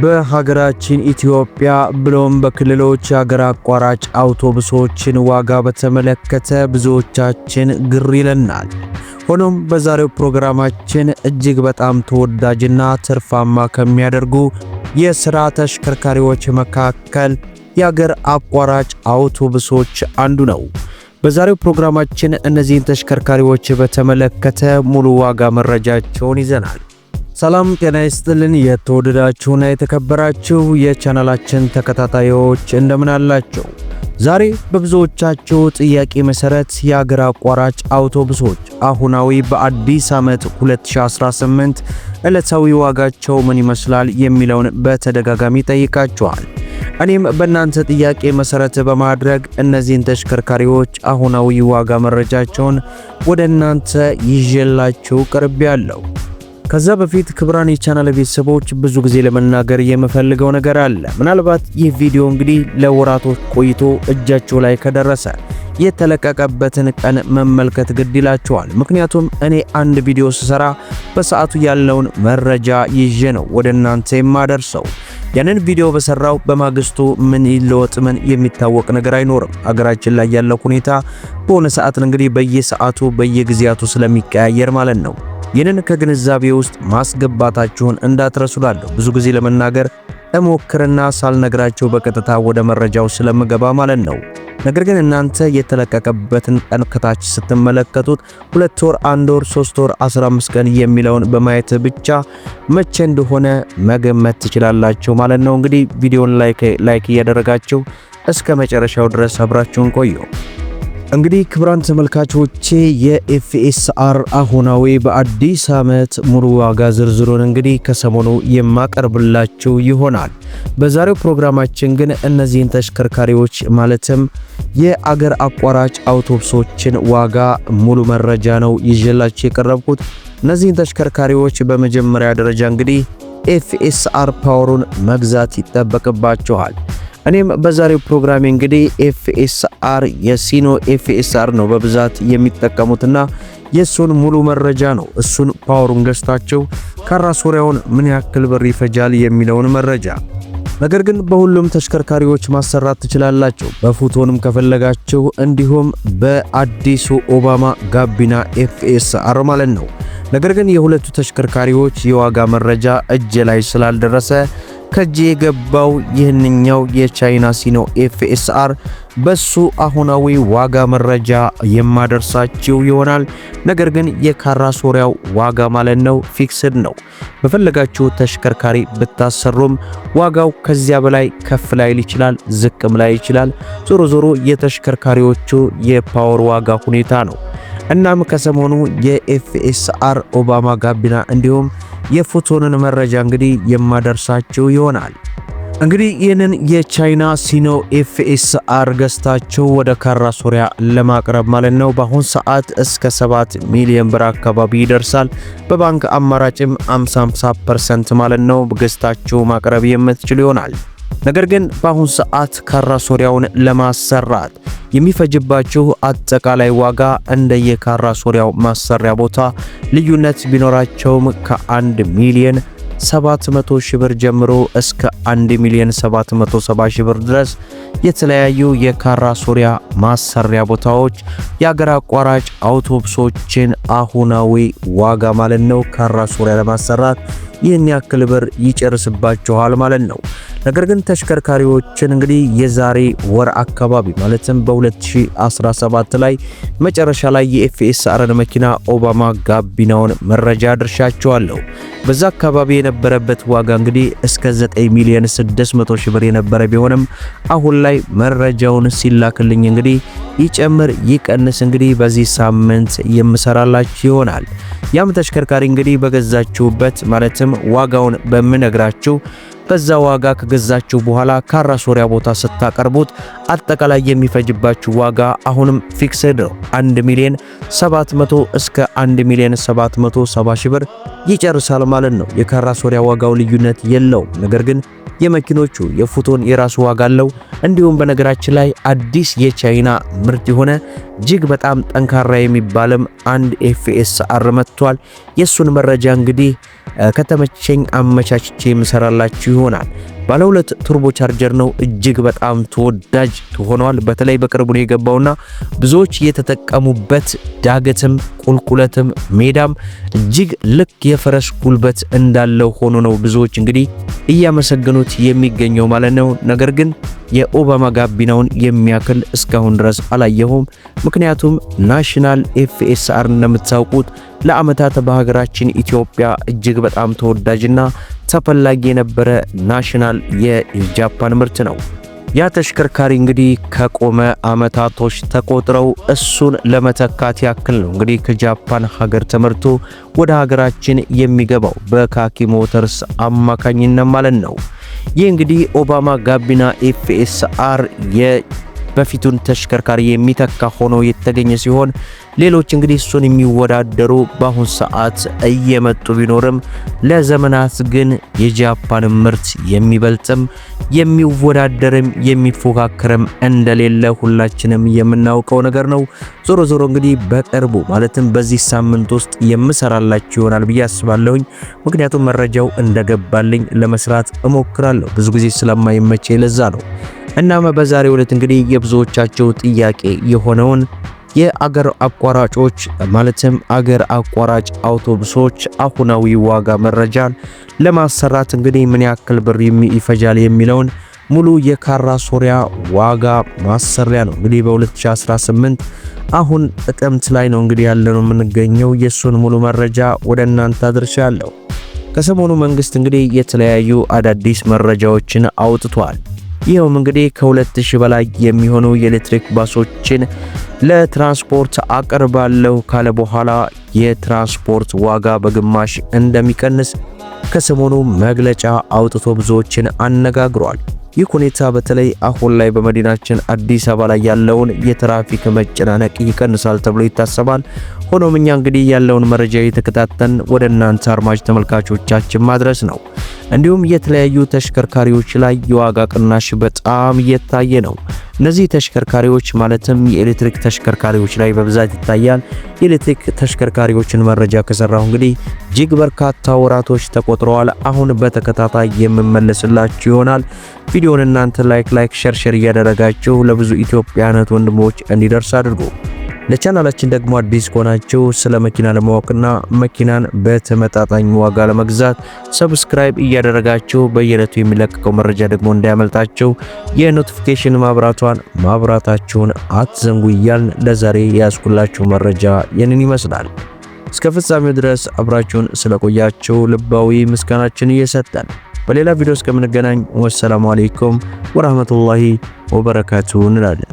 በሀገራችን ኢትዮጵያ ብሎም በክልሎች የሀገር አቋራጭ አውቶቡሶችን ዋጋ በተመለከተ ብዙዎቻችን ግር ይለናል። ሆኖም በዛሬው ፕሮግራማችን እጅግ በጣም ተወዳጅና ትርፋማ ከሚያደርጉ የሥራ ተሽከርካሪዎች መካከል የአገር አቋራጭ አውቶቡሶች አንዱ ነው። በዛሬው ፕሮግራማችን እነዚህን ተሽከርካሪዎች በተመለከተ ሙሉ ዋጋ መረጃቸውን ይዘናል። ሰላም ጤና ይስጥልን። የተወደዳችሁና የተከበራችሁ የቻናላችን ተከታታዮች እንደምን አላችሁ? ዛሬ በብዙዎቻችሁ ጥያቄ መሰረት የአገር አቋራጭ አውቶቡሶች አሁናዊ በአዲስ ዓመት 2018 ዕለታዊ ዋጋቸው ምን ይመስላል የሚለውን በተደጋጋሚ ጠይቃችኋል። እኔም በእናንተ ጥያቄ መሰረት በማድረግ እነዚህን ተሽከርካሪዎች አሁናዊ ዋጋ መረጃቸውን ወደ እናንተ ይዤላችሁ ቀርቤያለሁ። ከዛ በፊት ክብራን የቻናል ቤተሰቦች ብዙ ጊዜ ለመናገር የምፈልገው ነገር አለ። ምናልባት ይህ ቪዲዮ እንግዲህ ለወራቶች ቆይቶ እጃችሁ ላይ ከደረሰ የተለቀቀበትን ቀን መመልከት ግድ ይላችኋል። ምክንያቱም እኔ አንድ ቪዲዮ ስሰራ በሰዓቱ ያለውን መረጃ ይዤ ነው ወደ እናንተ የማደርሰው። ያንን ቪዲዮ በሰራው በማግስቱ ምን ይለወጥ ምን የሚታወቅ ነገር አይኖርም። አገራችን ላይ ያለው ሁኔታ በሆነ ሰዓት እንግዲህ በየሰዓቱ በየጊዜያቱ ስለሚቀያየር ማለት ነው ይህንን ከግንዛቤ ውስጥ ማስገባታችሁን እንዳትረሱላለሁ። ብዙ ጊዜ ለመናገር እሞክርና ሳልነግራቸው በቀጥታ ወደ መረጃው ስለምገባ ማለት ነው። ነገር ግን እናንተ የተለቀቀበትን ቀን ከታች ስትመለከቱት ሁለት ወር፣ አንድ ወር፣ ሶስት ወር፣ 15 ቀን የሚለውን በማየት ብቻ መቼ እንደሆነ መገመት ትችላላችሁ ማለት ነው። እንግዲህ ቪዲዮን ላይክ ላይክ እያደረጋችሁ እስከ መጨረሻው ድረስ አብራችሁን ቆዩ። እንግዲህ ክቡራን ተመልካቾቼ የኤፍኤስአር አሁናዊ በአዲስ ዓመት ሙሉ ዋጋ ዝርዝሩን እንግዲህ ከሰሞኑ የማቀርብላችሁ ይሆናል። በዛሬው ፕሮግራማችን ግን እነዚህን ተሽከርካሪዎች ማለትም የአገር አቋራጭ አውቶቡሶችን ዋጋ ሙሉ መረጃ ነው ይዤላችሁ የቀረብኩት። እነዚህን ተሽከርካሪዎች በመጀመሪያ ደረጃ እንግዲህ ኤፍኤስአር ፓወሩን መግዛት ይጠበቅባችኋል። እኔም በዛሬው ፕሮግራሜ እንግዲህ ኤፍኤስአር የሲኖ ኤፍኤስአር ነው በብዛት የሚጠቀሙትና የእሱን ሙሉ መረጃ ነው እሱን ፓወሩን ገዝታቸው ካራሶሪያውን ምን ያክል ብር ይፈጃል የሚለውን መረጃ ነገር ግን በሁሉም ተሽከርካሪዎች ማሰራት ትችላላችሁ። በፉቶንም ከፈለጋችሁ እንዲሁም በአዲሱ ኦባማ ጋቢና ኤፍኤስአር ማለት ነው። ነገር ግን የሁለቱ ተሽከርካሪዎች የዋጋ መረጃ እጅ ላይ ስላልደረሰ ከጄ የገባው ይህንኛው የቻይና ሲኖ ኤፍኤስአር በሱ አሁናዊ ዋጋ መረጃ የማደርሳችው ይሆናል። ነገር ግን የካራ ሶሪያው ዋጋ ማለት ነው ፊክስድ ነው። በፈለጋችሁ ተሽከርካሪ ብታሰሩም ዋጋው ከዚያ በላይ ከፍ ላይል ይችላል፣ ዝቅም ላይ ይችላል። ዞሮ ዞሮ የተሽከርካሪዎቹ የፓወር ዋጋ ሁኔታ ነው። እናም ከሰሞኑ የኤፍኤስአር ኦባማ ጋቢና እንዲሁም የፎቶንን መረጃ እንግዲህ የማደርሳቸው ይሆናል። እንግዲህ ይህንን የቻይና ሲኖ ኤፍኤስአር ገዝታቸው ወደ ካራ ሶሪያ ለማቅረብ ማለት ነው በአሁን ሰዓት እስከ 7 ሚሊዮን ብር አካባቢ ይደርሳል። በባንክ አማራጭም 55 ፐርሰንት ማለት ነው ገዝታቸው ማቅረብ የምትችል ይሆናል። ነገር ግን በአሁን ሰዓት ካራ ሶሪያውን ለማሰራት የሚፈጅባችሁ አጠቃላይ ዋጋ እንደየካራ ሶሪያው ማሰሪያ ቦታ ልዩነት ቢኖራቸውም ከ1 ሚሊዮን 700 ሺህ ብር ጀምሮ እስከ 1 ሚሊዮን 770 ሺህ ብር ድረስ የተለያዩ የካራ ሶሪያ ማሰሪያ ቦታዎች የአገር አቋራጭ አውቶቡሶችን አሁናዊ ዋጋ ማለት ነው ካራ ሶሪያ ለማሰራት ይህን ያክል ብር ይጨርስባችኋል ማለት ነው። ነገር ግን ተሽከርካሪዎችን እንግዲህ የዛሬ ወር አካባቢ ማለትም በ2017 ላይ መጨረሻ ላይ የኤፍኤስአርን መኪና ኦባማ ጋቢናውን መረጃ አድርሻችኋለሁ። በዛ አካባቢ የነበረበት ዋጋ እንግዲህ እስከ 9 ሚሊዮን 600 ሺህ ብር የነበረ ቢሆንም አሁን ላይ መረጃውን ሲላክልኝ እንግዲህ ይጨምር ይቀንስ እንግዲህ በዚህ ሳምንት የምሰራላችሁ ይሆናል። ያም ተሽከርካሪ እንግዲህ በገዛችሁበት ማለትም ዋጋውን በምነግራችሁ በዛ ዋጋ ከገዛችሁ በኋላ ካራሶሪያ ቦታ ስታቀርቡት አጠቃላይ የሚፈጅባችሁ ዋጋ አሁንም ፊክስድ ነው። 1 ሚሊዮን 700 እስከ 1 ሚሊዮን 770 ሺህ ብር ይጨርሳል ማለት ነው። የካራሶሪያ ዋጋው ልዩነት የለውም። ነገር ግን የመኪኖቹ የፎቶን የራሱ ዋጋ አለው። እንዲሁም በነገራችን ላይ አዲስ የቻይና ምርት የሆነ እጅግ በጣም ጠንካራ የሚባልም አንድ ኤፍኤስአር መጥቷል። የእሱን መረጃ እንግዲህ ከተመቸኝ አመቻችቼ የምሰራላችሁ ይሆናል። ባለሁለት ቱርቦ ቻርጀር ነው። እጅግ በጣም ተወዳጅ ሆኗል። በተለይ በቅርቡ ነው የገባውና ብዙዎች የተጠቀሙበት ዳገትም፣ ቁልቁለትም፣ ሜዳም እጅግ ልክ የፈረስ ጉልበት እንዳለው ሆኖ ነው ብዙዎች እንግዲህ እያመሰገኑት የሚገኘው ማለት ነው ነገር ግን የኦባማ ጋቢናውን የሚያክል እስካሁን ድረስ አላየሁም። ምክንያቱም ናሽናል ኤፍኤስአር እንደምታውቁት ለዓመታት በሀገራችን ኢትዮጵያ እጅግ በጣም ተወዳጅና ተፈላጊ የነበረ ናሽናል የጃፓን ምርት ነው። ያ ተሽከርካሪ እንግዲህ ከቆመ አመታቶች ተቆጥረው እሱን ለመተካት ያክል ነው እንግዲህ ከጃፓን ሀገር ተመርቶ ወደ ሀገራችን የሚገባው በካኪ ሞተርስ አማካኝነት ማለት ነው። ይህ እንግዲህ ኦባማ ጋቢና ኤፍኤስአር በፊቱን ተሽከርካሪ የሚተካ ሆኖ የተገኘ ሲሆን ሌሎች እንግዲህ እሱን የሚወዳደሩ በአሁን ሰዓት እየመጡ ቢኖርም ለዘመናት ግን የጃፓን ምርት የሚበልጥም የሚወዳደርም የሚፎካከርም እንደሌለ ሁላችንም የምናውቀው ነገር ነው። ዞሮ ዞሮ እንግዲህ በቅርቡ ማለትም በዚህ ሳምንት ውስጥ የምሰራላችሁ ይሆናል ብዬ አስባለሁኝ። ምክንያቱም መረጃው እንደገባልኝ ለመስራት እሞክራለሁ። ብዙ ጊዜ ስለማይመቼ ለዛ ነው። እናም በዛሬው ዕለት እንግዲህ የብዙዎቻቸው ጥያቄ የሆነውን የአገር አቋራጮች ማለትም አገር አቋራጭ አውቶቡሶች አሁናዊ ዋጋ መረጃን ለማሰራት እንግዲህ ምን ያክል ብር ይፈጃል የሚለውን ሙሉ የካራ ሶሪያ ዋጋ ማሰሪያ ነው። እንግዲህ በ2018 አሁን ጥቅምት ላይ ነው እንግዲህ ያለነው የምንገኘው። የእሱን ሙሉ መረጃ ወደ እናንተ አድርሻለሁ። ከሰሞኑ መንግስት እንግዲህ የተለያዩ አዳዲስ መረጃዎችን አውጥቷል። ይኸውም እንግዲህ ከ2000 በላይ የሚሆኑ የኤሌክትሪክ ባሶችን ለትራንስፖርት አቅርባለሁ ካለ በኋላ የትራንስፖርት ዋጋ በግማሽ እንደሚቀንስ ከሰሞኑ መግለጫ አውጥቶ ብዙዎችን አነጋግሯል። ይህ ሁኔታ በተለይ አሁን ላይ በመዲናችን አዲስ አበባ ላይ ያለውን የትራፊክ መጨናነቅ ይቀንሳል ተብሎ ይታሰባል። ሆኖም እኛ እንግዲህ ያለውን መረጃ እየተከታተን ወደ እናንተ አድማጭ ተመልካቾቻችን ማድረስ ነው። እንዲሁም የተለያዩ ተሽከርካሪዎች ላይ የዋጋ ቅናሽ በጣም እየታየ ነው። እነዚህ ተሽከርካሪዎች ማለትም የኤሌክትሪክ ተሽከርካሪዎች ላይ በብዛት ይታያል። የኤሌክትሪክ ተሽከርካሪዎችን መረጃ ከሰራሁ እንግዲህ እጅግ በርካታ ወራቶች ተቆጥረዋል። አሁን በተከታታይ የምመለስላችሁ ይሆናል። ቪዲዮውን እናንተ ላይክ ላይክ ሸርሸር እያደረጋችሁ ለብዙ ኢትዮጵያውያን ወንድሞች እንዲደርስ አድርጉ። ለቻናላችን ደግሞ አዲስ ከሆናችሁ ስለ መኪና ለማወቅና መኪናን በተመጣጣኝ ዋጋ ለመግዛት ሰብስክራይብ እያደረጋችሁ በየዕለቱ የሚለቀቀው መረጃ ደግሞ እንዳያመልጣችሁ የኖቲፊኬሽን ማብራቷን ማብራታችሁን አትዘንጉ እያልን ለዛሬ ያስኩላችሁ መረጃ ይህንን ይመስላል። እስከ ፍጻሜው ድረስ አብራችሁን ስለቆያችሁ ልባዊ ምስጋናችን እየሰጠን በሌላ ቪዲዮ እስከምንገናኝ ወሰላሙ አሌይኩም ወራህመቱላሂ ወበረካቱ እንላለን።